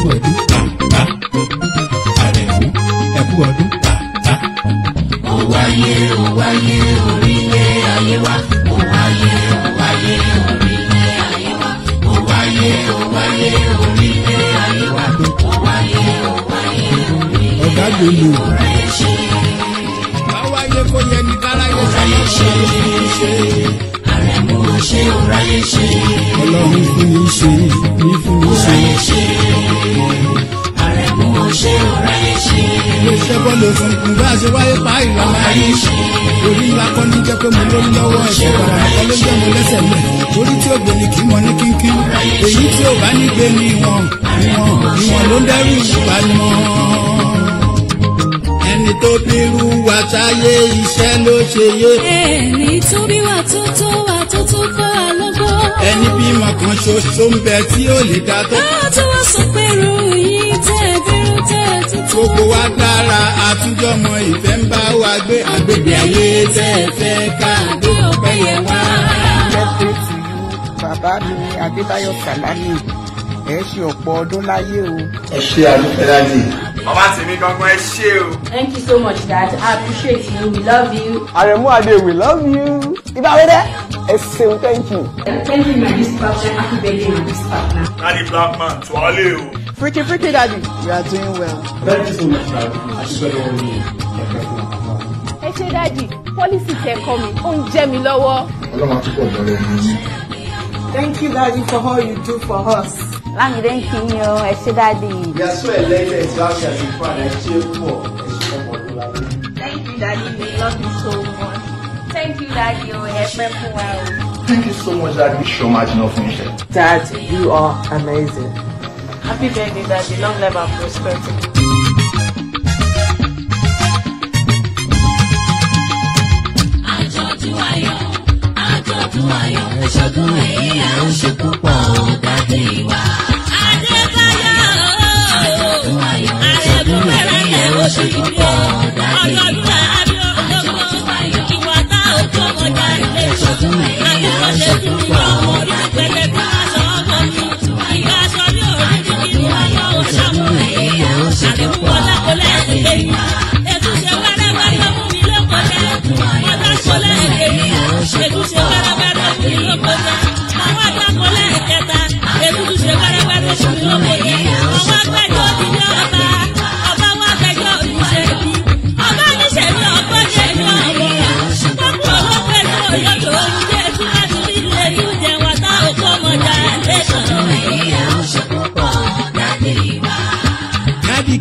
ẹkú ọdún bàbá àrẹ̀mú ẹkú ọdún bàbá. ó wáyé ó wáyé orílẹ̀ ayé wa ó wáyé ó wáyé orílẹ̀ ayé wa ó wáyé ó wáyé orílẹ̀ ayé wa ó wáyé ó wáyé orílẹ̀ ayé wa rẹ̀ ṣe. báwáyé kò yẹ ní káráyé sáré ṣe. àrẹ̀mú ṣe ó ráyé ṣe. ṣe bọ́ lè fún un bá a ṣe wáyé pa ìwà máa ṣe orí akọ ní jẹ́ pé mo ló ń lọ́wọ́ ẹ̀ṣẹ̀ bàrà akọ ló jẹ́ mo lẹ́sẹ̀ mẹ́ orí tí ògbó ni kì mọ ní kínkín èyí tí ò bá ní gbé ni ìwọ̀n ìwọ̀n ló ń dẹ́rù ìpanimọ́. ẹni tó bírú wa táyé iṣẹ́ ló ṣe yé. ẹni tó bí wa tó tó wa tó tó kọ́ àlọ́gbọ́. ẹni bímọ kan ṣoṣo ń bẹ tí ò lè dá tó. báwo tí wọ́n sọ pé rú gbogbo wa dára àtúnjọ mọ ìfẹ́ ń bá wa gbé àgbègbè ayé tẹ́ ẹ fẹ́ ká ọpẹ́ yẹn wá. bàbá mi adébáyọ̀ sàlámì ẹ ṣe ọ̀pọ̀ ọdún láyé o. ẹ ṣe àdúgbò láyé. Bàbá tèmi gangan ẹ ṣé o. Thank you so much dad, I appreciate you, we love you. Àrẹ̀mú Adé, we love you. Ibà wẹ́dẹ́, ẹ ṣeun thank you. Thank you my big partner, happy birthday my big partner. Daddy Blackman, tuwale o. Pretty, pretty daddy. You are doing well. Thank you so much, daddy. I should have done it. Ẹ ṣe dájì, pọ́lísì tẹ̀kọ́ mi, ó ń jẹ mi lọ́wọ́. Ọlọ́run á túbọ̀ dọ́rọ̀ Thank you, daddy, for all you do for us. Lámìdé ń kí yín o, ẹ ṣe dájì. Yasọ ẹlẹ́yẹ ìgbàgbé àti ìfọ̀nà you. ṣe pọ̀ ẹ̀ṣin ọmọ ọdún lálẹ́. Thank you, daddy, we love you so much. Thank you, daddy, You have pẹ́ fún wa Thank you so much, daddy, ṣọmọ àjìnà fún iṣẹ́. Dad, you are amazing. Happy birthday, Daddy. Long live and prosperity. Àjọ̀dún ayọ̀, àjọ̀dún ayọ̀, ṣọdún ẹ̀yìn à ń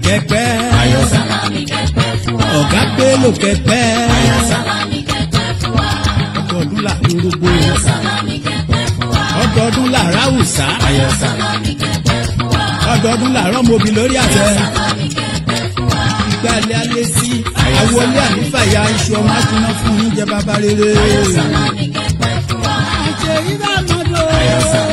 kẹpẹ. Ayọ̀ Sàlámì kẹpẹ fún wa. Ọ̀gá Bello kẹpẹ. Ayọ̀ Sàlámì kẹpẹ fún wa. Ọgọ́dún là gbogbo. Ayọ̀ Sàlámì kẹpẹ fún wa. Ọgọ́dún là ráwùsá. Ayọ̀ Sàlámì kẹpẹ fún wa. Ọgọ́dún là rọ́mọbi lórí àtẹ. Ayọ̀ Sàlámì kẹpẹ fún wa. Ìgbà ilé alẹ́ sí. Ayọ̀ Sàlámì kẹpẹ fún wa. Àwọlé ànífàyà iṣu ọmọ